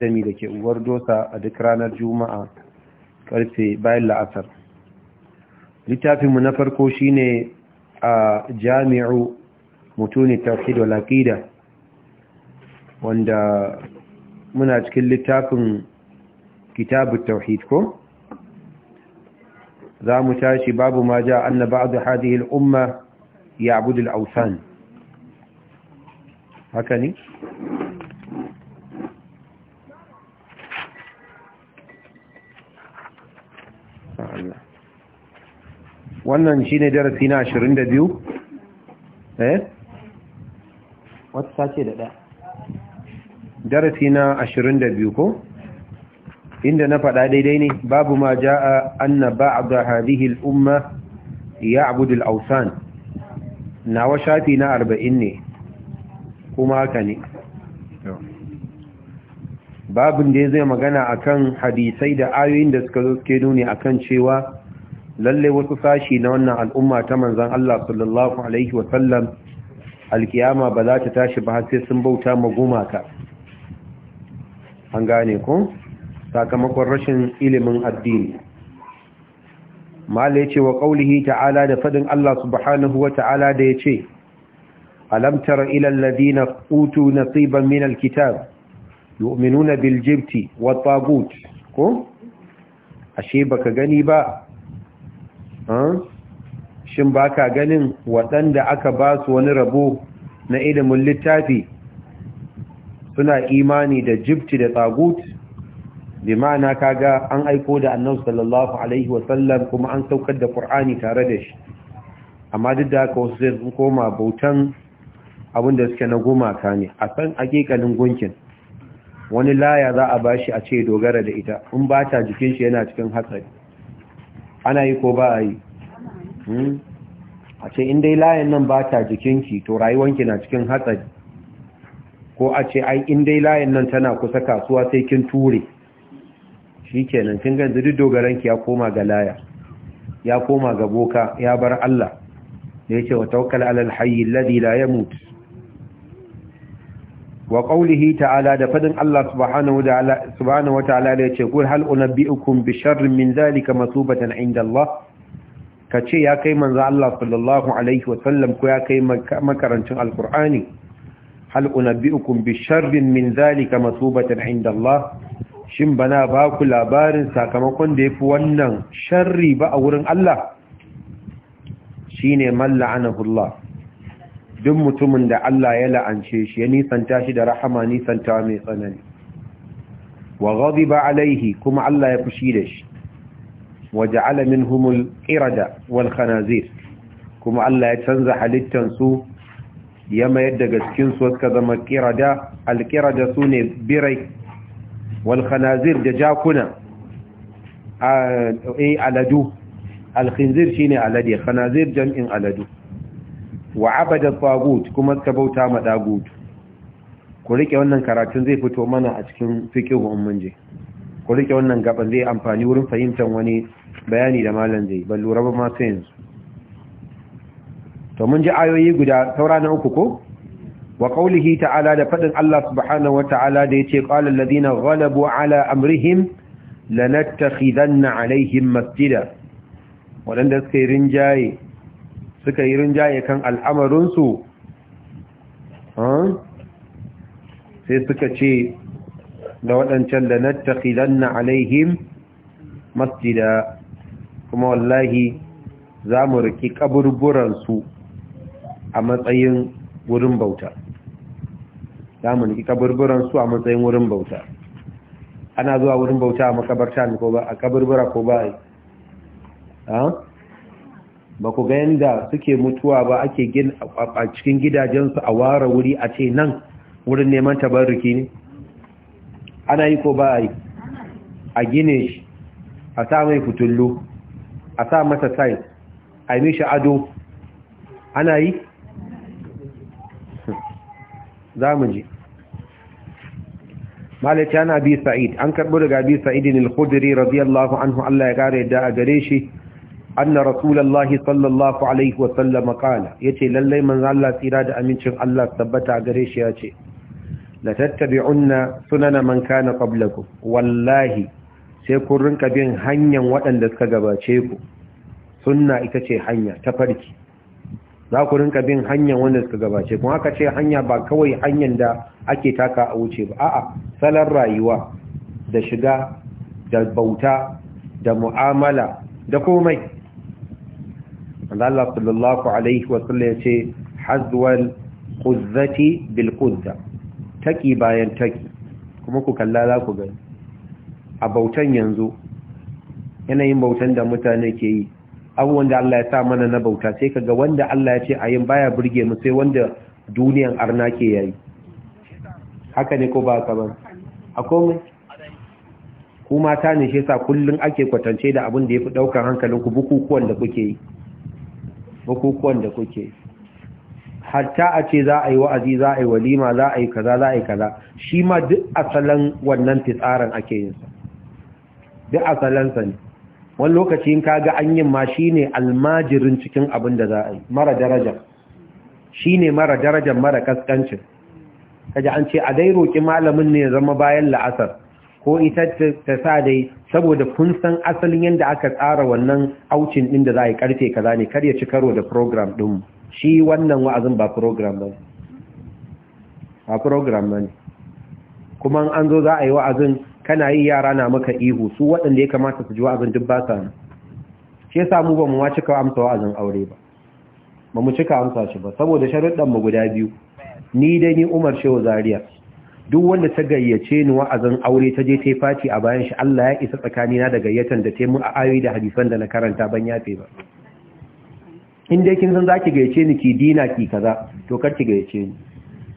Dami da ke uwar dosa a duk ranar Juma'a karfe bayan la'asar. Littafinmu na farko shine a jami'u mutuni tawhid wal aqida wanda muna cikin littafin kitabut tauhid ko zamu tashi babu ma ja anna ba'd hadhihi al umma ya'budu al awthan haka ne wannan shine darasi na 22 eh wata sace da ɗaya darasi na 22 ko inda na faɗa daidai ne babu ma ja'a anna ba'da hadhihi al-umma ya'budu al-awsan nawa shafi na 40 ne kuma haka ne babin da zai magana akan hadisai da ayoyin da suka zo suke nuni akan cewa lalle wasu sashi na wannan al'umma ta manzan Allah sallallahu alaihi wasallam alkiyama ba za ta tashi ba sai sun bauta ma gumaka an gane ku sakamakon rashin ilimin addini mala yace wa ƙaulihi ta'ala da fadin Allah subhanahu wa ta'ala da ce, alam tara ila alladhina utu nasiban min alkitab yu'minuna bil jibti tagut ko ashe baka gani ba shin ba ka ganin waɗanda aka ba su wani rabo na ilimin littafi suna imani da jibti da tsagut bi ma'ana kaga an aiko da annabi sallallahu alaihi wasallam kuma an saukar da qur'ani tare da shi amma duk da haka wasu sai sun koma bautan abinda suke na gumaka ne a san hakikalin gunkin wani laya za a bashi a ce dogara da ita in ba ta jikin shi yana cikin hatsari ana yi ko ba a yi hmm? a ce dai layin nan ba ta jikinki to rayuwanki na cikin hatsari ko a ce ai dai layin nan tana kusa kasuwa sai kin ture shi kenan kin ganzu dogaran dogaranki ya koma ga laya ya koma ga boka ya bar Allah da ce wa tawakkal alal hayy alladhi la yamut wa qawlihi ta'ala da fadin Allah subhanahu wa ta'ala da yace kul hal unabbiukum bi sharrin min zalika masubatan inda Allah ce ya kai manzo Allah sallallahu alaihi wa sallam ko ya kai makarancin alqur'ani hal unabbiukum bi sharrin min zalika masubatan inda Allah shin bana ba ku labarin sakamakon da ya fi wannan sharri ba a wurin Allah shine man la'anahu Allah duk mutumin da Allah ya la'ance shi ya nisanta shi da rahama nisanta mai tsanani wa ba alaihi kuma Allah ya fushi da shi wa ja'ala minhumul irada wal khanazir kuma Allah ya canza halittan su ya mayar da gaskin su suka zama qirada al qirada sune birai wal khanazir da jakuna a eh, aladu al khinzir shine alade khanazir jam'in aladu wa abada tagut kuma suka bauta ma dagut ku rike wannan karatun zai fito mana a cikin fiqhu mun je ku rike wannan gaban zai amfani wurin fahimtar wani bayani da malam zai ban lura ba ma sai yanzu to mun ji ayoyi guda saura na uku ko wa qawlihi ta'ala da fadin Allah subhanahu wata'ala da yace qala alladhina ghalabu ala amrihim lanattakhidanna alaihim masjida wadanda suka rinjaye suka yi rinjaye kan al'amarinsu sai suka ce da waɗancan da na na alaihim masjida kuma wallahi za mu riƙi ƙaburburansu a matsayin wurin bauta za mu riƙi ƙaburburansu a matsayin wurin bauta ana zuwa wurin bauta a makabarta ko ba a ƙaburbura ko ba a ba ku ga yadda suke mutuwa ba ake gin a cikin gidajensu a ware wuri a ce nan wurin neman tabarruki ne ana yi ko ba a yi a gine shi a sa mai fitullu a sa masa sai a yi mishi ado ana yi za mu ji malaka na bi sa'id an karɓi daga bi sa'idin al-khudri radiyallahu anhu Allah ya kare da a gare shi anna rasulullahi sallallahu alaihi wa sallam qala yace lalle manzo Allah tsira da amincin Allah tabbata gare shi yace la tattabi'unna sunana man kana qablakum wallahi sai kun rinka bin hanyar waɗanda suka gabace ku sunna ita ce hanya ta farki za ku rinka bin hanyar wanda suka gabace kun aka ce hanya ba kawai hanyar da ake taka a wuce ba a'a salon rayuwa da shiga da bauta da mu'amala da komai Allah sallallahu alaihi wa sallam yace hazwal quzzati bil quzza taki bayan taki kuma ku kalla za ku gani a bautan yanzu yanayin bautan da mutane ke yi abubuwan da Allah ya sa mana na bauta sai kaga wanda Allah ya ce a yin baya burge mu sai wanda duniyan arna ke yayi haka ne ko ba ka ba komai. ku mata ne shi yasa kullun ake kwatance da abin da yafi daukar hankalin ku bukukuwan da kuke yi bukukuwan da kuke hatta a ce za a yi wa'azi za a yi walima za a yi kaza za a yi kaza shi ma duk asalan wannan fitsarin ake yin sa duk asalansa ne wani lokaci in kaga an yin ma shine almajirin cikin abin da za a yi mara daraja shine mara darajar mara kaskancin kaji an ce a dai roƙi malamin ne ya zama bayan la'asar ko ita ta sa dai saboda kun san asalin yadda aka tsara wannan aucin din da za a yi karfe kaza ne kar ya ci karo da program din shi wannan wa'azin ba program ba ba program ba ne kuma an zo za a yi wa'azin kana yi yara na maka ihu su waɗanda ya kamata su ji wa'azin duk ba sa shi yasa mu ba mu ma cika amsa wa'azin aure ba ba mu cika amsa shi ba saboda sharuɗɗan mu guda biyu ni dai ni Umar Shehu Zaria duk wanda ta gayyace ni wa'azin aure ta je ta faci a bayan shi Allah ya isa tsakanina da gayyatan da mu a ayoyi da hadisan da na karanta ban yafe ba in dai kin san zaki gayyace ni ki dina ki kaza to kar ki gayyace ni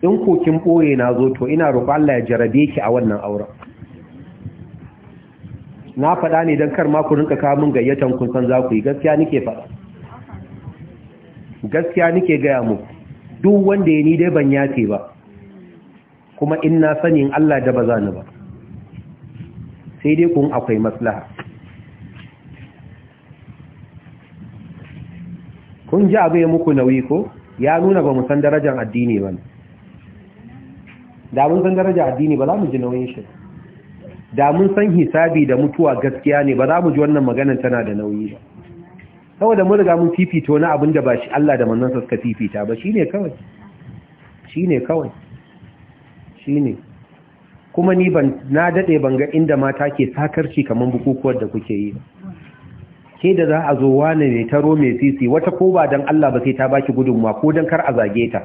in ko kin boye na zo to ina roƙo Allah ya jarabe ki a wannan auren na faɗa ne don kar ma ku rinka kawo min gayyatan kun san za ku yi gaskiya nike faɗa gaskiya nike gaya muku duk wanda ya ni dai ban yafe ba kuma in na sanin Allah da ba za ni ba sai dai kun akwai maslaha kun ji abu ya muku nauyi ko ya nuna ba mu san darajar addini ba da mun san darajar addini ba za mu ji nauyin shi da mun san hisabi da mutuwa gaskiya ne ba za mu ji wannan maganar tana da nauyi ba saboda mun riga mun fifito na abin da ba shi Allah da manzon sa suka fifita ba shine kawai shine kawai ne kuma ni ban na daɗe ban ga inda mata ke sakarci kamar bukukuwar da kuke yi ke da za a zo wane ne taro mai sisi wata ko ba dan Allah ba sai ta baki gudunmuwa ko don kar a zage ta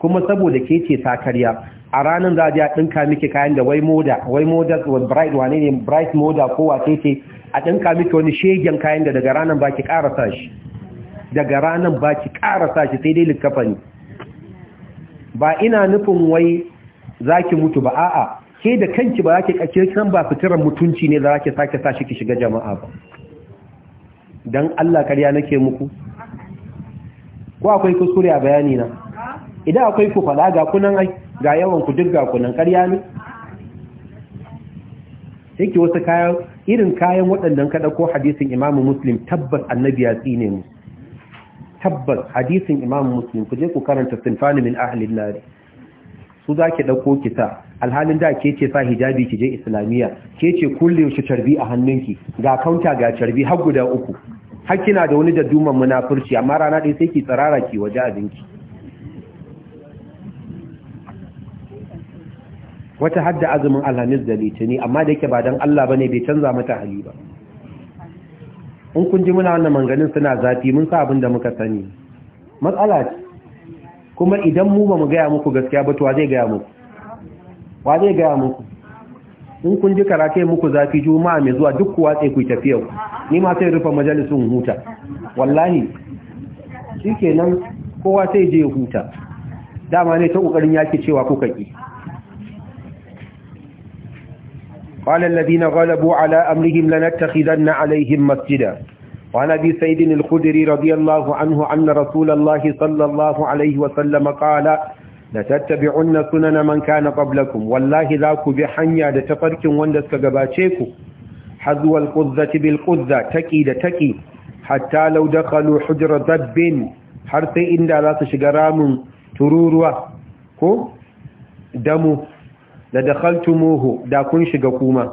kuma saboda ke ce sakarya a ranar za a je ɗinka miki kayan da wai moda wai moda bright moda ko wa ce a ɗinka miki wani shegen kayan da daga ranar ba ki ƙarasa shi daga ranar ba ki ƙarasa shi sai dai littafa ba ina nufin wai za ki mutu ba a'a ke da kanki ba za ki kake kan ba fitiran mutunci ne za ki sake sa shi ki shiga jama'a ba dan Allah ƙarya nake muku ko akwai kuskure a bayani na idan akwai ku fada ga kunan ai ga yawan ku duk ga kunan ƙarya ne yake wasu kayan irin kayan waɗannan kada ko hadisin imamu muslim tabbas annabi ya tsine mu tabbas hadisin imamu muslim ku je ku karanta sinfani min ahlin nari su za ki ɗauko ki sa alhalin da ke ce sa hijabi ki je islamiyya ke ce kulle shi carbi a hannunki ga kaunta ga carbi har guda uku har kina da wani da duman munafurci amma rana ɗaya sai ki tsarara ki waje abinki wata hadda azumin alhamis da litini amma da yake ba don Allah bane bai canza mata hali ba in kun ji muna wannan manganin suna zafi mun sa abin da muka sani matsala ce kuma idan mu ba mu gaya muku gaskiya ba to wa zai gaya muku wa zai gaya muku in kun ji karate muku zafi juma'a mai zuwa duk kuwa tsaye ku tafiya yau ni ma sai rufe majalisun huta wallahi shikenan kowa sai je huta dama ne ta kokarin yake cewa kuka ki قال الذين غلبوا على أمرهم لنتخذن عليهم masjida. وعن أبي سيد الخدري رضي الله عنه أن عن رسول الله صلى الله عليه وسلم قال لتتبعن سنن من كان قبلكم والله ذاك بحنيا لتفرك واندسك قباتيكو حذو القذة بالقذة تكي لتكي حتى لو دخلوا حجر ضب حرث إن لا تشقرام تروروا كو دمو لدخلتموه دا كنش قكوما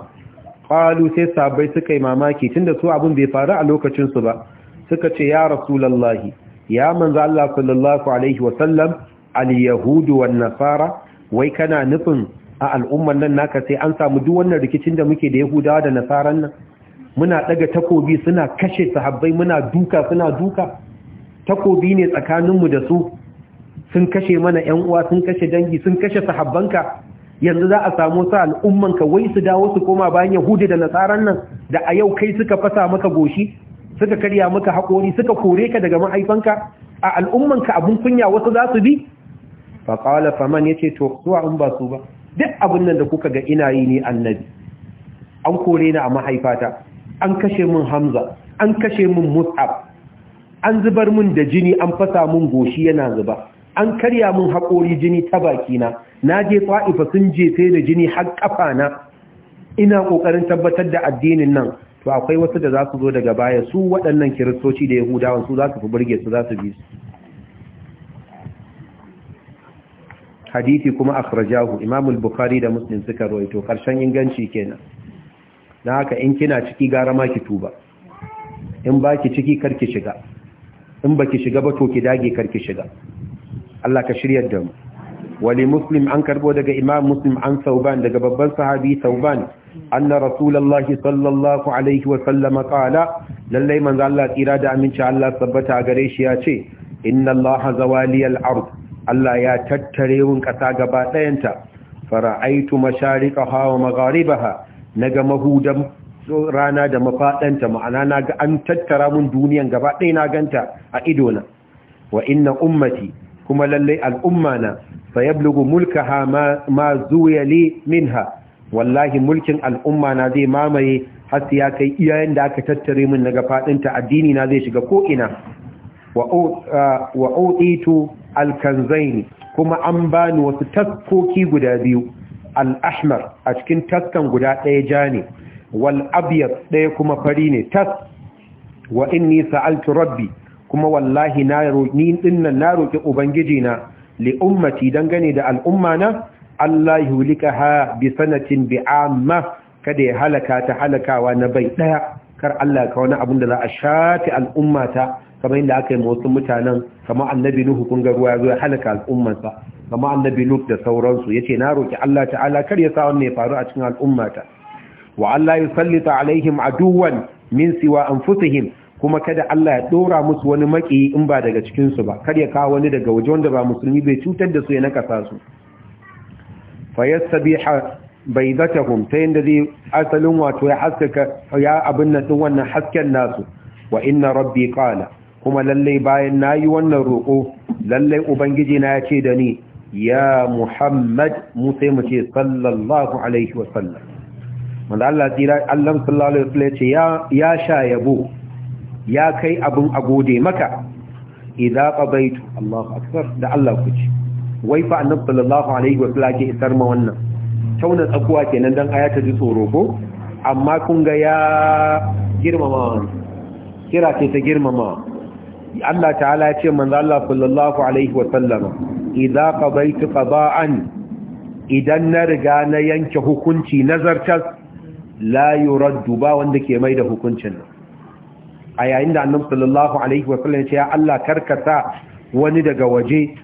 qalu sai sabai suka yi mamaki tunda su abin bai faru a lokacin su ba suka ce ya rasulullahi ya manzo Allah sallallahu alaihi wa sallam al yahudu wan nasara wai kana nufin a al'umman nan naka sai an samu duk wannan rikicin da muke da yahudawa da nasaran nan muna daga takobi suna kashe sahabbai muna duka suna duka takobi ne tsakaninmu da su sun kashe mana 'yan uwa sun kashe dangi sun kashe sahabbanka yanzu za a samu sa al'umman ka wai su dawo su koma bayan yahudi da nasaran nan da a yau kai suka fasa maka goshi suka karya maka haƙori suka kore ka daga mahaifanka a al'umman ka abun kunya wasu za su bi fa qala faman yace to zuwa in ba su ba duk abin nan da kuka ga ina yi ne annabi an kore ni a mahaifata an kashe min hamza an kashe min mus'ab an zubar min da jini an fasa min goshi yana zuba an karya min haƙori jini ta bakina na je ta'ifa sun jefe da jini har na. ina kokarin tabbatar da addinin nan to akwai wasu da za su zo daga baya su waɗannan kiristoci da yahudawan su za su fi burge su za su bi su Hadithi kuma a farajahu imamul bukhari da muslim suka to ƙarshen inganci kenan Na haka in kina ciki gara ma ki tuba in baki ciki kar ki shiga in baki shiga ba to ki dage kar ki shiga Allah ka shirya da mu wali muslim an karbo daga imam muslim an sauban daga babban sahabi sauban anna rasulullahi sallallahu alaihi wa sallam lallai manzo Allah tsira da aminci Allah tabbata gare shi ya ce inna Allah zawali al-ard Allah ya tattare mun kasa gaba dayanta fara'aitu mashariqaha wa magharibaha naga mahudan rana da mafadanta ma'ana naga an tattara mun duniyan gaba ɗaya ganta a idona wa inna ummati kuma lallai al'umma na fa yablugu mulkaha ma zuya li minha wallahi mulkin al'umma na zai mamaye har ya kai iyayen da aka tattare min daga fadin ta addini na zai shiga ko ina wa al-kanzain kuma an bani wasu taskoki guda biyu al-ahmar a cikin taskan guda ɗaya ja ne wal abyad ɗaya kuma fari ne tas wa inni sa'altu rabbi kuma wallahi na ni dinnan na roki ubangiji na li ummati dangane da al'umma na Allah yulikaha bi sanatin bi amma kada ya halaka ta halakawa na bai daya kar Allah ka wani abun da za a shafi al'umma ta kamar yadda aka yi wasu mutanen kamar annabi nuhu kun ga ruwa ya zo ya halaka al'ummarsa kamar annabi nuhu da sauransu yace na roki Allah ta'ala kar ya sa wannan ya faru a cikin al'ummata wa Allah yusallita alaihim aduwan min siwa anfusihim kuma kada Allah ya dora musu wani maki in ba daga cikin su ba kar ya kawo wani daga waje wanda ba musulmi bai cutar da su ya nakasa su fa yasbiha baydatahum ta yanda zai asalin wato ya haskaka ya abin nan wannan hasken nasu wa inna rabbi qala kuma lalle bayan nayi wannan roko lalle ubangiji na ya ce da ni ya muhammad mu sai mu ce sallallahu alaihi wa sallam wanda Allah tsira Allah sallallahu alaihi wa sallam ya ya sha yabo ya kai abin a gode maka idza qabaitu Allahu akbar da Allah ku ce. wai fa annabi sallallahu alaihi wa sallam ke isar ma wannan tauna tsakuwa kenan dan aya ta ji tsoro ko amma kun ga ya girmama kira ce ta girmama Allah ta'ala ya ce manzo Allah sallallahu alaihi wa sallam idza qabaitu qada'an idan na riga na yanke hukunci nazartar la yuraddu ba wanda ke mai da hukuncin nan a yayin da annabi sallallahu alaihi wa ya ce ya Allah sa wani daga waje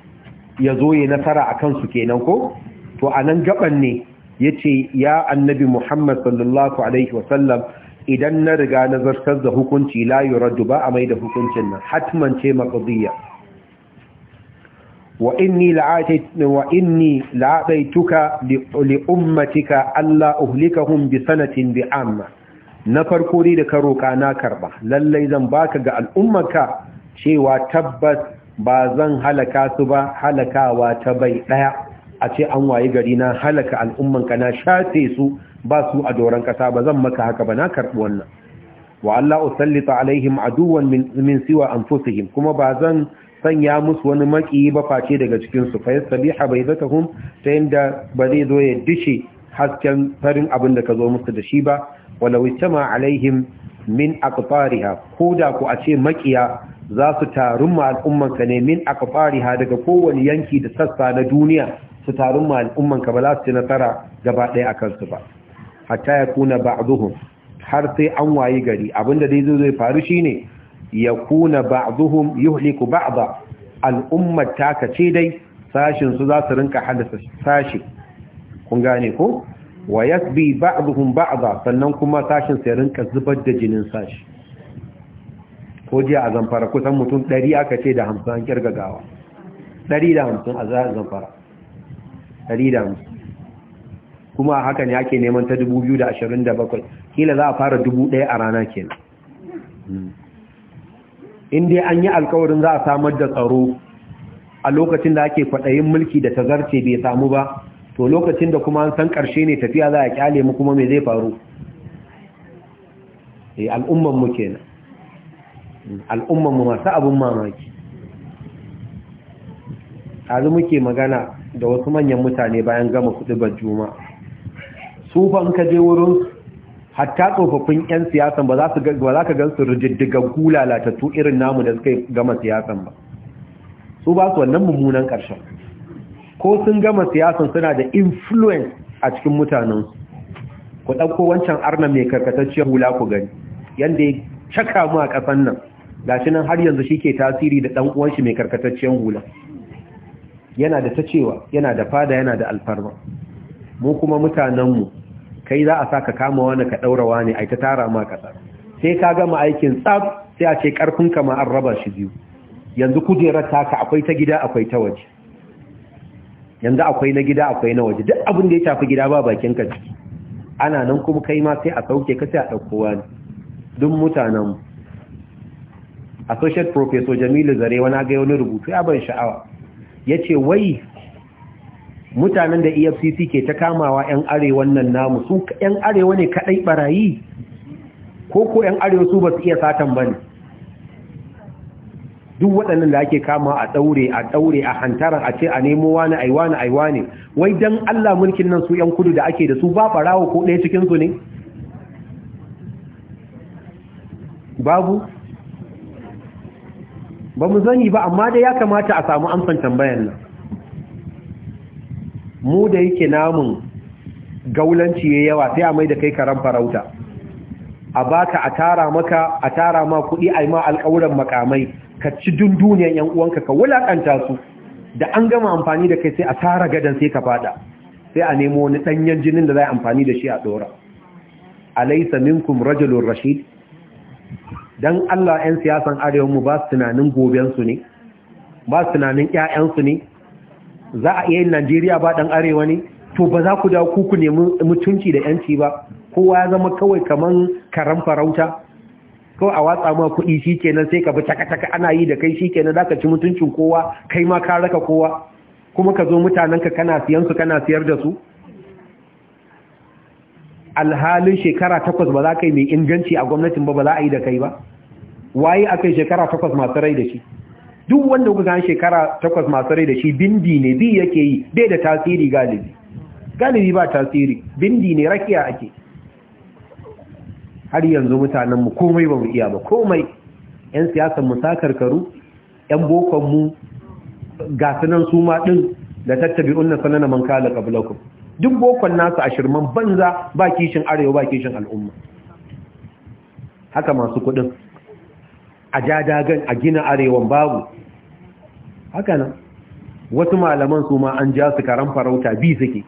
ya zo yi nasara a kansu kenan ko to anan nan gaban ne ya ce ya annabi muhammad sallallahu alaihi wa sallam idan na riga na zartar da hukunci layu raddu ba a mai da hukuncin nan hatman ce makaziyya wa inni la'adaituka li ummatika Allah uhlikahum bi sanatin bi amma na farko dai da ka roƙa na karba lallai zan baka ga al'ummarka cewa tabbas ba zan halaka su ba halakawa ta bai ɗaya a ce an waye gari na halaka al'ummarka na shafe su ba su a doron ƙasa ba zan maka haka ba na karɓi wannan wa Allah usallita alaihim aduwan min siwa anfusihim kuma ba zan sanya musu wani maki ba face daga cikin su fa yasabiha baydatuhum ta yanda ba zai zo ya dishe hasken farin abin da ka zo musu da shi ba walau istama alaihim min ko koda ku a ce makiya za su tarun ma al'ummanka ne min akfariha daga kowane yanki da sassa na duniya su tarun ma al'ummanka ba za su ci nasara gaba ɗaya akan ba hatta ya kuna ba'dhum har sai an wayi gari abinda dai zai faru shine ya kuna ba'dhum yuhliku ba al'ummar taka ce dai sashin su za su rinka hadasa sashi kun gane ko wa yakbi ba'dhum ba'dha sannan kuma sashin sai rinka zubar da jinin sashi ko jiya a zamfara kusan mutum 100 aka ce da 50 an kirgagawa 150 a zamfara 150 kuma haka ne ake neman ta 2027 kila za a fara 1000 a rana kenan hmm. in dai an yi alkawarin za a samar da tsaro a lokacin da ake kwaɗayin mulki da tazarce bai samu ba to lokacin da kuma an san ƙarshe ne tafiya za a kyale mu kuma me zai faru e al'umman mu kenan hmm, al'umman mu masu abun mamaki azu muke magana da wasu manyan mutane bayan gama kuɗi juma su fa in ka je wurin hatta tsofaffin 'yan siyasan ba za ka gan su rijiddigaggu tu irin namu da suka gama siyasan ba su ba su wannan mummunan ƙarshen ko sun gama siyasan suna da influence a cikin mutanen ku ɗauko wancan arna mai karkatacciyar hula ku gani yadda ya caka mu a ƙasan nan gashi nan har yanzu shi ke tasiri da ɗan uwanshi mai karkatacciyar hula yana da ta cewa yana da fada yana da alfarma mu kuma mutanenmu kai za a sa ka kama wani ka ɗaura wani ai ta tara ma ƙasa sai ka gama aikin tsab sai a ce ƙarfin ma an raba shi biyu yanzu kujerar taka akwai ta gida akwai ta waje yanzu akwai na gida akwai na waje duk abin da ya tafi gida ba bakin ka ciki ana nan kuma kai ma sai a sauke ka sai a ɗauko wani duk mutanen associate professor jamilu zare wani ga wani rubutu ya ban sha'awa ya ce wai mutanen da efcc ke ta kamawa 'yan arewan nan namu su 'yan arewa ne kaɗai barayi? ko ko 'yan arewa su ba su iya satan ba ne duk waɗannan da ake kama a ɗaure a ɗaure a hantaran a ce a nemo wani aiwa na aiwa ne wai dan Allah mulkin nan su ‘yan kudu da ake da su ba barawo ko ɗaya cikinsu ne? babu? ba mu zani ba amma da ya kamata a samu amsan tambayan nan mu da yake namun gaulanci ya yawa sai a mai da kai karan farauta a baka a tara maka a tara ma kuɗi a ma alƙawuran makamai ka ci dunduniyan yan uwanka ka wulakanta su da an gama amfani da kai sai a tara gadan sai ka fada sai a nemo wani danyen jinin da za zai amfani da shi a dora alaysa minkum rajulun rashid dan Allah 'yan siyasan arewa mu ba su tunanin goben su ne ba su tunanin ƴaƴan ne za a iya yin Najeriya ba dan arewa ne to ba za ku dawo ku ku nemi mutunci da yanci ba kowa ya zama kawai kaman karan farauta ko a watsa ma kuɗi shikenan sai ka bi taka-taka ana yi da kai shikenan za ka ci mutuncin kowa kai ma ka raka kowa kuma ka zo ka kana siyan su kana siyar da su alhalin shekara takwas ba za ka yi mai inganci a gwamnatin ba ba za a yi da kai ba waye aka yi shekara takwas masu rai da shi duk wanda kuka san shekara takwas masu rai da shi bindi ne bi yake yi bai da tasiri galibi galibi ba tasiri bindi ne rakiya ake har yanzu mutanenmu komai ba mu iya ba komai 'yan siyasan musakar karu 'yan bokonmu ga sunan su ma ɗin da tattabi unna sanana man kala qablakum duk bokon nasu a shirman banza ba kishin arewa ba kishin al'umma haka masu kuɗin a ja dagan a gina arewan babu haka nan wasu malaman su ma an ja su karan farauta bi suke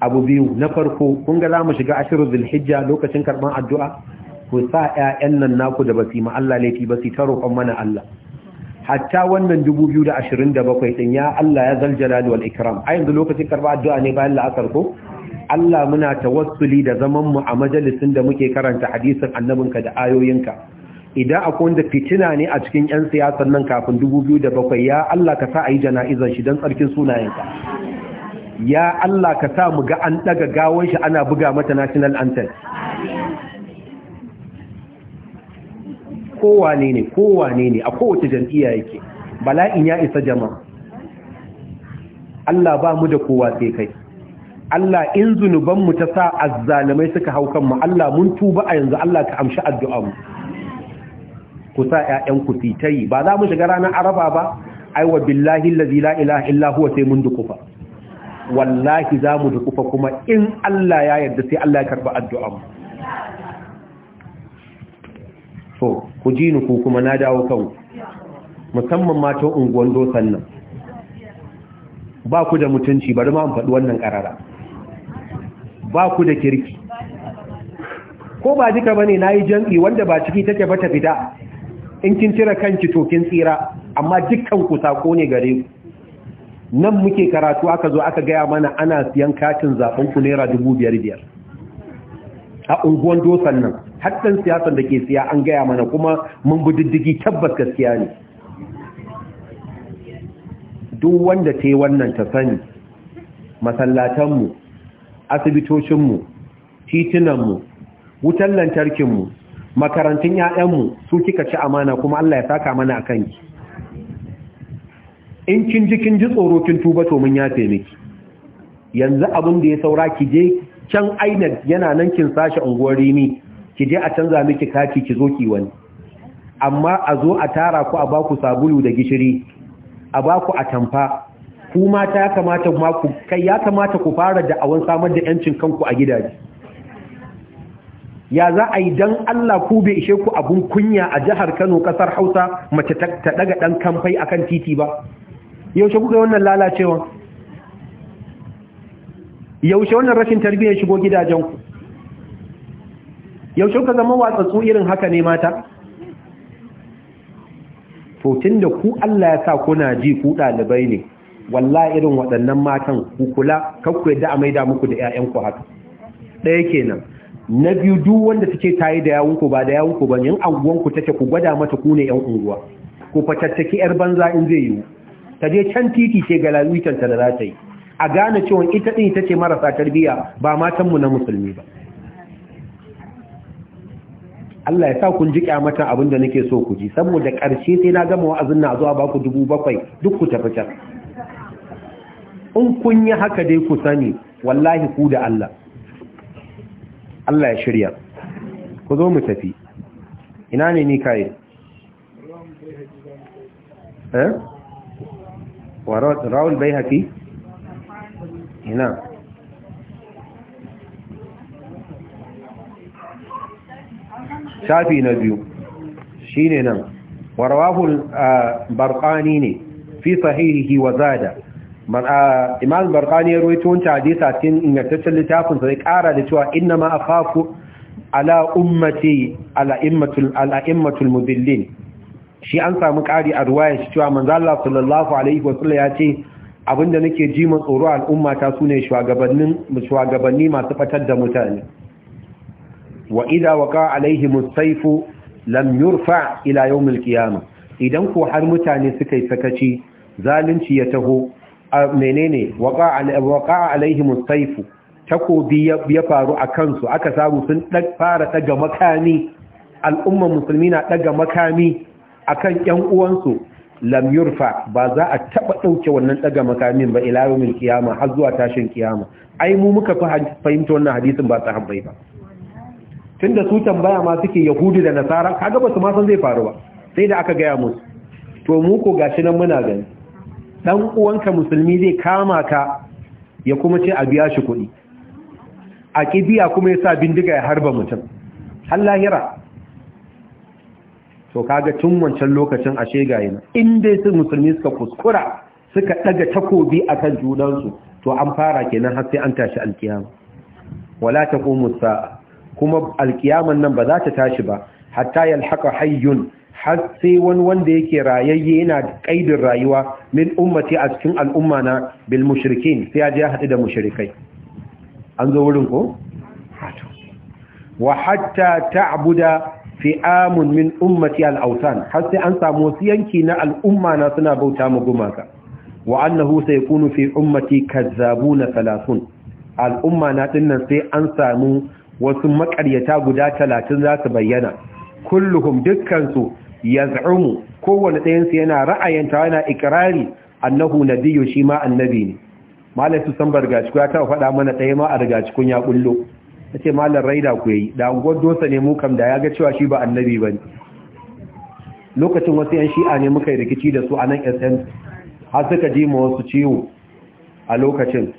abu biyu na farko kun ga za mu shiga ashirin zulhijja lokacin karɓar addu'a ku sa ‘ya'yan nan naku da basi ma Allah laifi basi ta roƙon mana Allah hatta wannan 2027 ɗin ya Allah ya jalali wal ikram a yanzu lokacin karɓar addu'a ne bayan la'asar ko Allah muna tawassuli da zaman mu a majalisin da muke karanta hadisin annabinka da ayoyinka idan akwai wanda fitina ne a cikin 'yan siyasan nan kafin 2007 ya Allah ka sa a yi jana'izan shi don tsarkin sunayenka ya Allah ka sa mu ga an daga gawon shi ana buga mata national anthem kowa ne ne, kowane ne a kowace jam'iyya yake bala'in ya isa jama'a Allah ba mu da kowa sai kai Allah in zunuban mu ta sa azzalimai suka hau mu. Allah mun tuba a yanzu Allah ka amshi addu'a mu ku sa ƴaƴan ku fitayi ba za mu shiga ranar araba ba aiwa billahi allazi la ilaha illa huwa sai mun dukufa wallahi za mu da kufa kuma in Allah ya yarda sai Allah ya karba addu'a mu so ku ji ni ku kuma na dawo kan musamman matan unguwan dosan nan ba ku da mutunci bari ma faɗi wannan ƙarara ba ku da kirki ko ba duka bane na yi wanda ba ciki take ba ta fita in kin cire kanki to kin tsira amma dukkan ku sako ne gare ku nan muke karatu aka zo aka gaya mana ana siyan katin zaɓen ku naira dubu biyar biyar a unguwan dosan nan haddan siyasan da ke siya an gaya mana kuma mun bi diddigi tabbas gaskiya ne duk wanda ta yi wannan ta sani masallatanmu asibitocinmu titunanmu wutan lantarkinmu makarantun 'ya'yanmu su kika ci amana kuma Allah ya saka mana a kanki in kin ji kin ji tsoro kin tuba to mun yafe miki yanzu abun da ya saura ki je can ainar e yana nan kin sashi unguwar rimi ki je a canza miki kaki ki zo ki wani amma a zo a tara ku a ba ku sabulu da gishiri a ba ku atamfa ku mata ya kamata ku kai ya kamata ku fara da awan samar da yancin kanku a gidaje ya za a yi dan Allah ku bai ishe ku abun kunya a jihar Kano kasar Hausa mace ta daga dan kamfai akan titi ba yaushe kuka wannan lalacewa yaushe wannan rashin tarbiyyar shigo gidajenku yaushe kuka zama watsatsu irin haka ne mata to da ku Allah ya sa kuna ji ku ɗalibai ne walla irin waɗannan matan ku kula kakku yadda a maida muku da 'ya'yanku haka ɗaya kenan na biyu duk wanda take tayi da yawunku ba da yawunku ba ne in anguwanku take ku gwada mata ku ne ƴan unguwa ku fatattaki 'yar banza in zai yiwu ta je can titi ce ga ta da za ta yi a gane cewa ita ɗin ita ce marasa tarbiyya ba matanmu na musulmi ba Allah ya sa kun ji kyamatan abin da nake so ku ji saboda ƙarshe sai na gama wa'azin na zuwa baku dubu bakwai duk ku tafi can in kun yi haka dai ku sani wallahi ku da Allah Allah ya shirya ku zo mu tafi ina ne ni kai eh وراو البيهقي هنا شافي نبيو شيني نم ورواه البرقاني آه، في صحيحه وزاد من آه، إمام البرقاني يروي تونت عديثاتين إن يرتشل لتافن ذلك آرى لتوا إنما أخاف على أمتي على أمة المذلين shi an samu ƙari a ruwaya shi cewa manzo Allah sallallahu alaihi sallam ya ce abinda nake ji mun tsoro al'umma ta sune shugabannin shugabanni masu fatar da mutane wa idza waqa alaihim as lam yurfa ila yawm al-qiyamah idan ko har mutane suka yi sakaci zalunci ya taho menene waqa waqa alaihim as takobi ya faru a kansu aka samu sun fara daga makami al'umman musulmi na daga makami akan 'yan uwansu lam yurfa ba za a taba dauke wannan daga makamin ba ila yawmil qiyama har zuwa tashin kiyama ai mu muka fahimta wannan hadisin ba sahabbai ba tunda su tambaya ma suke yahudi da nasara kaga ba su ma san zai faru ba sai da aka gaya musu to mu ko gashi nan muna gani dan uwanka musulmi zai kama ka ya kuma ce a biya shi kuɗi a kibiya kuma ya sa bindiga ya harba mutum ya lahira to kaga tun wancan lokacin ashe gayi in dai su musulmi suka kuskura suka daga takobi akan junansu to an fara kenan har sai an tashi alkiyama wala taqumu sa'a kuma alkiyaman nan ba za ta tashi ba hatta yalhaqa hayyun har sai wani wanda yake rayayye yana kaidin rayuwa min ummati a cikin al'umma na bil mushrikin sai ya je haɗu da mushrikai an zo wurin ko wa hatta ta'buda fi amun min ummati al har sai an samu wasu yanki na al'umma na suna bauta mu gumaka wa annahu sayakunu fi ummati na salasun. al'umma na dinnan sai an samu wasu makaryata guda talatin za su bayyana kulluhum dukkansu su yaz'umu kowanne ɗayan su yana ra'ayanta yana ikrari annahu nabiyyu shi ma annabi ne malai su san bargaci ya ta faɗa mana ɗaya ma a rigaci kun ya bullo na ce malar raida ku yi da dosa ne mu kam da ya ga cewa shi ba annabi ba ne lokacin wasu yan shi'a ne muka yi rikici da su a nan sm har suka ji ma wasu ciwo a lokacin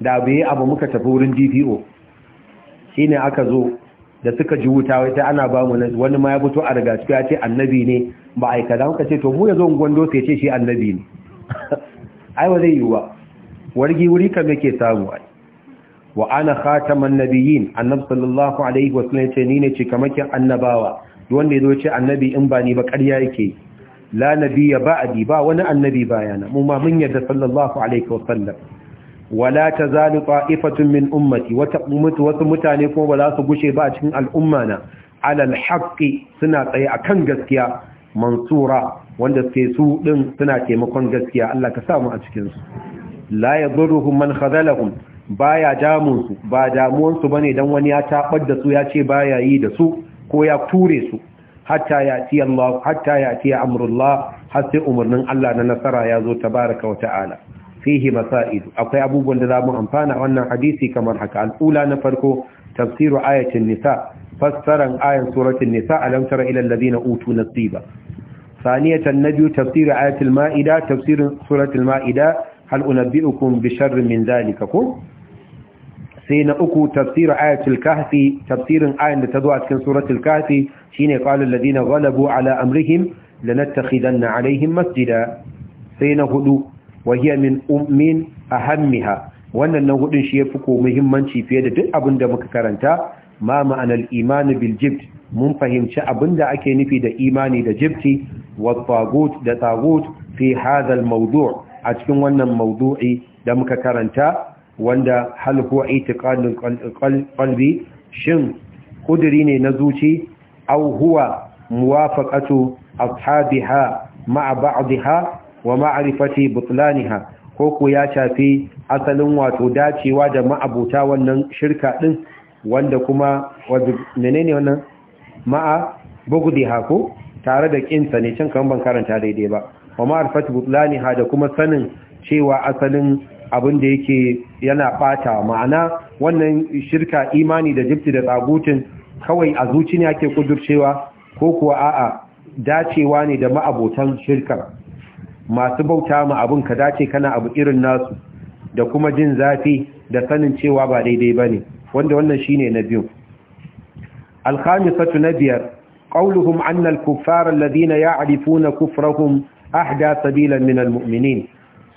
da bai abu muka tafi wurin dpo shi ne aka zo da suka ji wuta wata ana ba mu wani ma ya fito a daga ya ce annabi ne ba a kaza muka ce to mu ya zo dosa ya ce shi annabi ne ai ba zai yiwu ba wargi wuri kam yake samu ai wa ana khataman nabiyyin annab sallallahu alaihi wasallam ce ni ne ce kamakin annabawa duk wanda yazo ce annabi in ba ni ba ƙarya yake la nabiyya ba'di ba wani annabi bayana mu ma mun yarda sallallahu alaihi wasallam wala tazalu qa'ifatun min ummati wa wasu mutane kuma ba za su gushe ba a cikin al'umma na alal haqqi suna tsaye akan gaskiya mansura wanda suke su din suna taimakon gaskiya Allah ka samu a cikin su la yadurruhum man khadalahum baya damun ba damuwansu ba bane dan wani ya tabar da su ya ce baya yi da su ko ya ture su hatta yati Allah hatta amrullah har sai umarnin Allah na nasara ya zo tabaraka wa ta'ala fihi masa'id akwai abubuwan da zamu amfana wannan hadisi kamar haka al'ula na farko tafsiru ayatin nisa fassaran ayan suratul nisa alam tara ila alladhina utu nasiba ثانية النبي تفسير آية ma'ida تفسير سورة ma'ida هل أنبئكم بشر من ذلك كم sai na uku tafsirin ayatul kahfi tafsirin ayan da ta zo a cikin suratul kahfi shine qalul ladina ghalabu ala amrihim lanattakhidanna alaihim masjida sai na hudu wa hiya min ummin ahammiha wannan na hudun shi yafi ko muhimmanci fiye da duk abin da muka karanta ma ma'anar imani bil jibt mun fahimci abin da ake nufi da imani da jibti wa tagut da tagut fi hadha al mawdu' a cikin wannan mawdu'i da muka karanta wanda hal huwa itiqadul qalbi shin kudiri ne na zuci aw huwa muwafaqatu ashabiha ma'a ba'dha wa ma'rifati butlaniha ko ko ya shafi asalin wato dacewa da ma'abuta wannan shirka din wanda kuma menene wannan ma'a bugdiha ko tare da kinsa ne can kan ban karanta daidai ba wa ma'rifati butlanha da kuma sanin cewa asalin abin da yake yana bata ma'ana wannan shirka imani da jibti da tsagutin kawai a zuci ne ake kudurcewa ko kuwa a'a dacewa ne da ma'abotan shirkar masu bauta ma abin ka dace kana abu irin nasu da kuma jin zafi da sanin cewa ba daidai ba ne wanda wannan shi ne na biyu alkhamisatu na biyar annal anna al ya arifu na kufrahum ahda sabilan minal muminin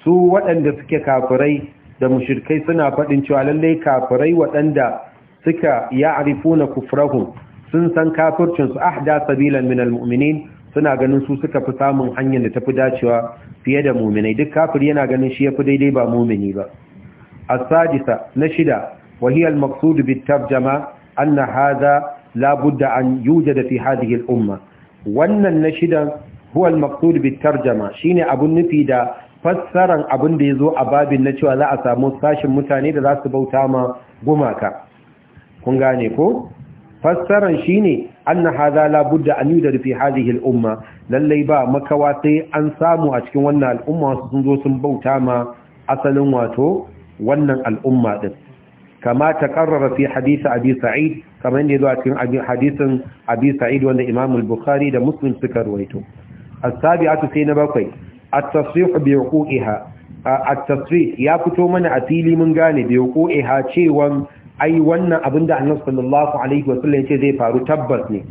su waɗanda suke kafirai da mushirkai suna faɗin cewa lallai kafirai waɗanda suka ya'rifuna kufrahum sun san kafircin su ahda sabilan min almu'minin suna ganin su suka fi samun hanyar da tafi dacewa fiye da mu'minai duk kafir yana ganin shi yafi daidai ba mu'mini ba as-sadisa na shida wa hiya al-maqsud bit-tarjama anna hadha la budda an yujada fi hadhihi al-umma wannan na shida huwa al-maqsud bit-tarjama shine abun nufi da fassaran abin da ya zo a babin na cewa za a samu sashin mutane da za su bauta ma gumaka kun gane ko fassaran shine anna hadha la budda an yudar fi hadhihi umma lallai ba makawa sai an samu a cikin wannan al'umma sun zo sun bauta ma asalin wato wannan al'umma din kama taqarrara fi hadith abi sa'id kamar yadda a cikin hadisin abi sa'id wanda Imamul bukhari da muslim suka ruwaito as-sabi'atu sai na bakwai at-tasrih ya fito mana a fili mun gane bi huquqiha cewan ai wannan abin da Annabi sallallahu alaihi wasallam yace zai faru tabbas ne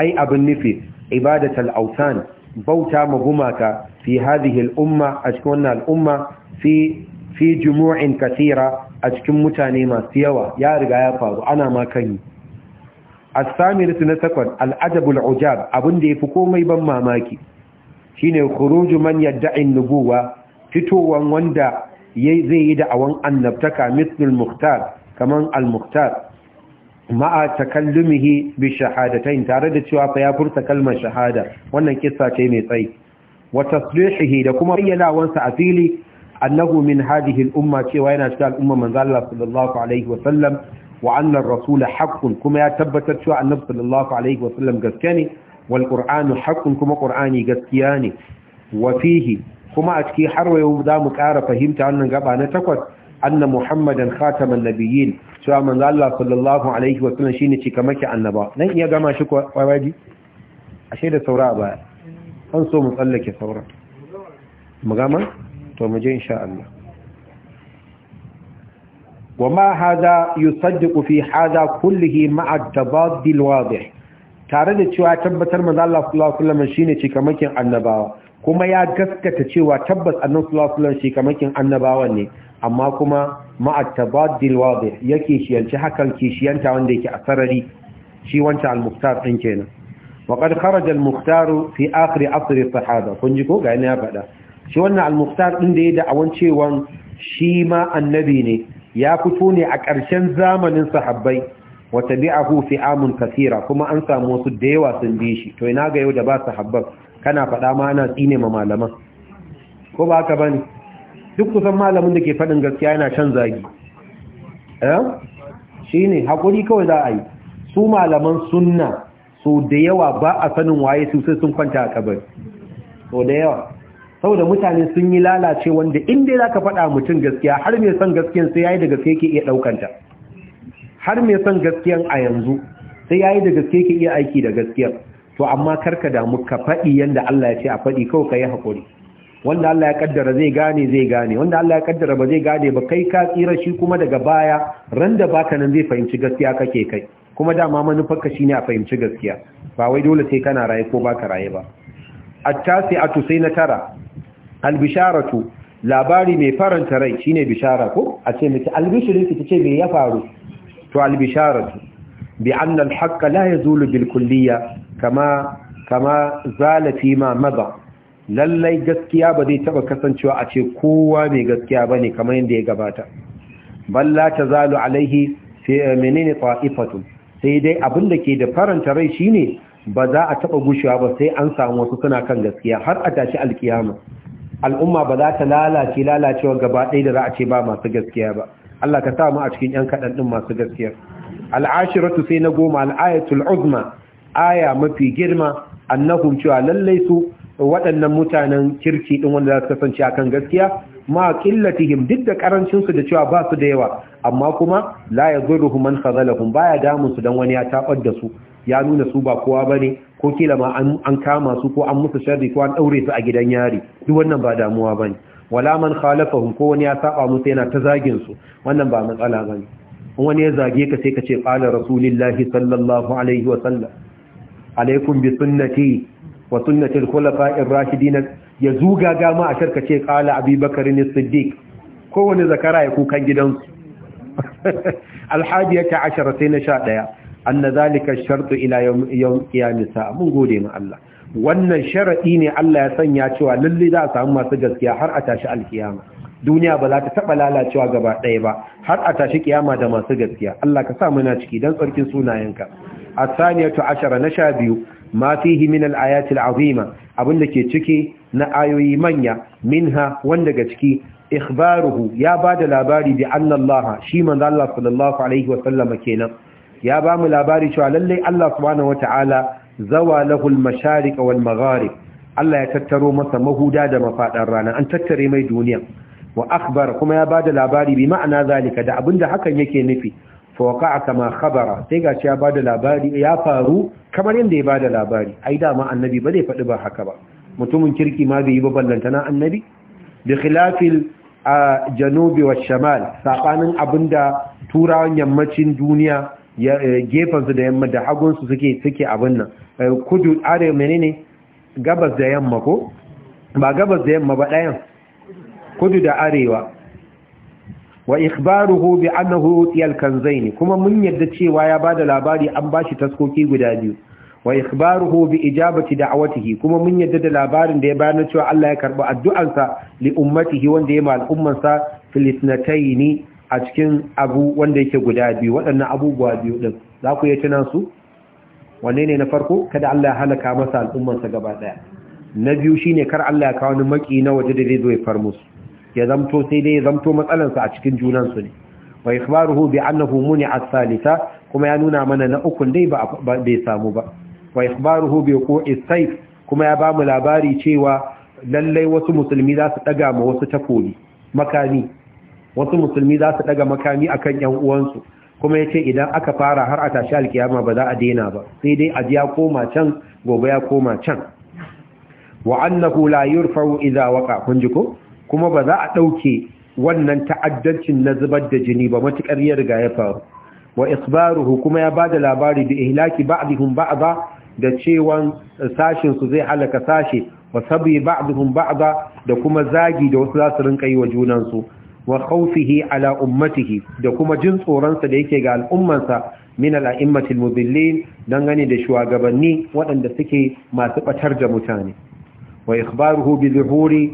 ai abin nufi ibadatul awsan bauta ma gumaka fi hadhihi al-umma a cikin wannan al-umma fi fi jumu'in kathira a cikin mutane masu yawa ya riga ya faru ana ma kan yi as-samir na takwas al-ajabul ujab abin da yafi komai ban mamaki shine khuruju man yad'in nubuwa fitowan wanda yayi zai yi da'awan annabtaka mithlul muhtar kaman al muhtar ma'a takallumihi bi shahadatayn tare da cewa fa ya furta kalmar shahada wannan kissa ce mai tsayi wa taslihihi da kuma bayyana a fili annahu min hadhihi al umma cewa yana cikin al'umma manzo Allah sallallahu alaihi wa sallam wa anna ar-rasul haqqun kuma ya tabbatar cewa annabi sallallahu alaihi wa sallam gaskiya ne Walƙur'anu, haƙƙun kuma ƙur'ani gaskiya ne Wafihi. kuma a ciki har wayo za mu ƙara fahimta wannan gaba na takwas anna muhammadan khataman nabiyyin cewa manzo Allah sallallahu alaihi wa sallam shine cikamake annaba nan iya gama shi ko waji ashe da saura a baya an so mu tsallake saura mu gama to mu je insha Allah وما هذا يصدق في هذا كله مع التبادل الواضح tare da cewa tabbatar manzo Allah sallallahu alaihi wasallam shine cikamakin annabawa kuma ya gaskata cewa tabbas annabi sallallahu alaihi wasallam cikamakin annabawa ne amma kuma ma'at tabaddil wadih yake shiyanci hakan kishiyanta wanda yake a sarari shi wancan al-muqtar din kenan wa qad kharaja al-muqtar fi akhir asr as-sahaba kun ji ko ga ina ya shi wannan al-muqtar din da ya da awan cewa shi ma annabi ne ya fito ne a ƙarshen zamanin sahabbai wata bi'ahu fi amun kasira kuma an samu wasu da yawa sun bi shi to ina ga yau da ba habban, kana faɗa ma ana tsine ma malaman ko ba haka bane duk kusan malamin da ke faɗin gaskiya yana shan zagi eh shine hakuri kawai za a yi su malaman sunna so da yawa ba a sanin waye su sai sun kwanta a kabari so da yawa saboda mutane sun yi lalace wanda inda za ka faɗa mutum gaskiya har mai son gaskiyan sai ya yi da gaske yake iya ɗaukanta har mai son gaskiyan a yanzu sai ya yi da gaske ke iya aiki da gaskiya to amma karka damu ka faɗi yadda Allah ya ce a faɗi kawai ka yi haƙuri wanda Allah ya kaddara zai gane zai gane wanda Allah ya kaddara ba zai gane ba kai ka tsira shi kuma daga baya ran da baka nan zai fahimci gaskiya kake kai kuma dama manufarka shine a fahimci gaskiya ba wai dole sai kana raye ko baka raye ba at-tasi'atu sai na tara al-bisharatu labari mai faranta rai shine bishara ko a ce miki albishirin ki ce me ya faru to albisharatu bi anna alhaqqa la yazulu bil kulliyya kama kama zala ma madha lallai gaskiya ba zai taba kasancewa a ce kowa mai gaskiya bane kamar yadda ya gabata balla tazalu alaihi fi eh, menene ta'ifatun sai dai abin da ke da faranta rai shine ba za a taba gushewa ba sai an samu wasu suna kan gaskiya har a tashi alkiyama al'umma ba za ta lalace lalacewa gaba ɗaya da za a ce ba masu gaskiya ba Allah ka sa mu a cikin yan kaɗan ɗin masu gaskiya. al'ashiratu sai na goma al'ayatul uzma aya mafi girma annahum cewa lallai su waɗannan mutanen kirki ɗin wanda za su kasance akan gaskiya ma qillatihim duk da karancin da cewa ba su da yawa amma kuma la yadhurruhum man khazalahum baya damun su don wani ya taɓar da su ya nuna su ba kowa ba ne. ko kila ma an kama su ko an musu sharri ko an ɗaure su a gidan yari duk wannan ba damuwa ba ne. wala man khalafahum ko wani ya saba musu yana ta zagin su wannan ba matsala bane in wani ya zage ka sai ka ce qala rasulullahi sallallahu alaihi wa sallam alaikum bi sunnati wa sunnati al-khulafa'ir rashidin ya zuga gama a sharka ce qala abubakar as-siddiq kowane zakara ya kukan gidansu alhadiyata ashara sai na sha ɗaya an na zalika shartu ila yau mun gode ma Allah wannan sharaɗi ne Allah ya sanya cewa lalle za a samu masu gaskiya har a tashi alkiyama duniya ba za ta taɓa lalacewa gaba ɗaya ba har a tashi kiyama da masu gaskiya Allah ka sa muna ciki don tsarkin sunayenka a saniyatu ashara na sha biyu ma fihi min al-ayatil azima da ke ciki na ayoyi manya minha wanda ga ciki ikhbaruhu ya ba da labari bi anna Allah shi manzo Allah sallallahu alaihi wa sallama kenan ya ba mu labari cewa lalle Allah subhanahu wataala zawa lahul mashariq wal magharib Allah ya tattaro masa mahuda da mafadan rana an tattare mai duniya wa akhbar kuma ya bada labari bi ma'ana zalika da abinda hakan yake nufi fa waqa'a kama khabara sai shi ya bada labari ya faru kamar yanda ya bada labari ai da ma annabi ba zai faɗi ba haka ba mutumin kirki ma bai yi ba na annabi bi khilafil a janubi wa shamal sabanin abinda turawan yammacin duniya Eh, gefansu da yamma da hagunsu suke suke abin nan eh, kudu arewa ne gabas da yamma ko ba gabas da yamma ba ɗayan kudu da arewa wa ikhbaruhu bi annahu utiyal kanzaini kuma mun yadda cewa ya bada labari an bashi taskoki guda biyu wa ikhbaruhu bi ijabati da'watihi kuma mun yadda da labarin da ya na cewa Allah ya karbi addu'ansa li ummatihi wanda ya ma al'ummansa fil ne. a cikin abu wanda yake guda biyu waɗannan abubuwa biyu ɗin za ku iya tunan su wanne ne na farko kada Allah ya halaka masa al'ummarsa gaba ɗaya na biyu shine kar Allah ya kawo ni maki na waje da zai zo ya far musu ya zamto sai dai ya zamto matsalansa a cikin junansu ne wa ikhbaruhu bi annahu muni as-salisa kuma ya nuna mana na ukun dai ba bai samu ba wa ikhbaruhu bi wuqu'i sayf kuma ya ba mu labari cewa lallai wasu musulmi za su daga ma wasu takobi makami wasu musulmi za su daga makami kan yan uwansu kuma yace idan aka fara har a tashi alkiyama ba za a daina ba sai dai aji ya koma can gobe ya koma can wa annahu la yurfa'u idza kun ji ko kuma ba za a ɗauke wannan ta'addancin na zubar da jini ba matukar ya riga ya faru wa isbaruhu kuma ya da labari da ihlaki ba'dihum ba'da da cewan sashin su zai halaka sashi wa sabi ba'dihum ba'da da kuma zagi da wasu za su rinka yi wa junan su wa khawfihi ala ummatihi da kuma jin tsoronsa da yake ga al'ummansa min al'immatil mudillin gani da shugabanni waɗanda suke masu batar da mutane wa ikhbaruhu bi zuhuri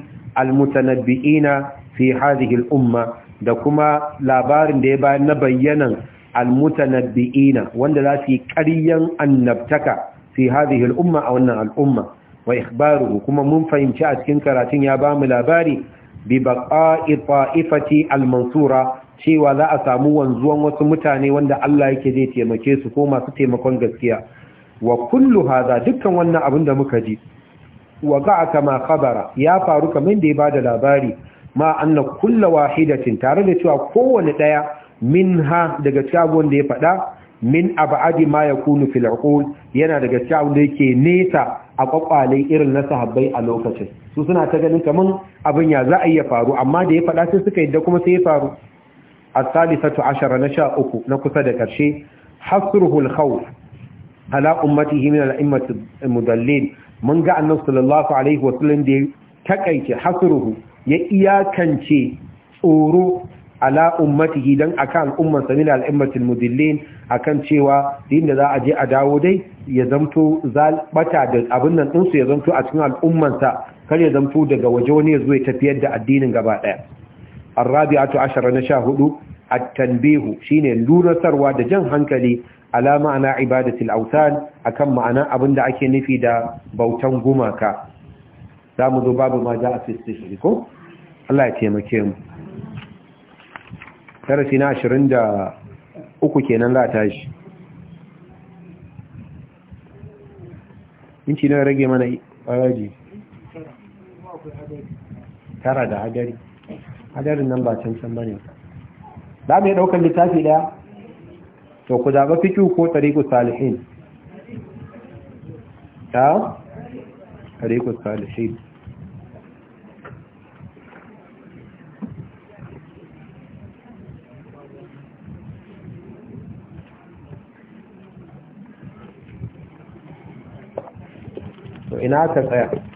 mutanabbiina fi hadhihi umma da kuma labarin da ya bayar na bayyanan mutanabbiina wanda za su yi ƙaryan annabtaka fi hadhihi umma a wannan al'umma wa ikhbaruhu kuma mun fahimci a cikin karatun ya ba mu labari bi baqa'i ta'ifati cewa za a samu wanzuwan wasu mutane wanda Allah yake zai taimake su ko masu taimakon gaskiya wa kullu dukkan wannan abin da muka ji Waga kama Kabara, ya faru kamar da ya bada labari ma anna kulla wahidatin tare da cewa kowane daya minha daga cikin da ya faɗa min abadi ma yakunu fil uqul yana daga cikin da yake nesa a kwakwale irin na sahabbai a lokacin su suna ta ganin kaman abin ya za a iya faru amma da ya faɗa sai suka yadda kuma sai ya faru A salisatu ashara na sha uku na kusa da ƙarshe hasruhul khawf ala ummatihi min al-immati mudallil mun ga annabi sallallahu alaihi wa sallam da takaice hasruhu ya iyakance tsoro ala ummatihi dan akan umman samina al'ummatul mudillin akan cewa din da za a je a dawo dai ya zamto zalbata da abin nan din su ya zamto a cikin al'umman sa kar ya zamto daga waje wani ya zo ya tafiyar da addinin gaba daya arabi'atu ashara na 14 at-tanbihu shine lurasarwa da jan hankali ala ma'ana ibadatul awtan akan ma'ana abin da ake nufi da bautan gumaka zamu zo babu ma ja'a fi ko Allah ya taimake mu darasi na ashirin da uku kenan za a tashi, inci na rage mana ɓaraji tara da hadari hadarin nan ba can can bane za mu yi ɗaukar littafi ɗaya to ku zaɓa fiki ko tariku salihin ta tariku salihin ina ka tsaya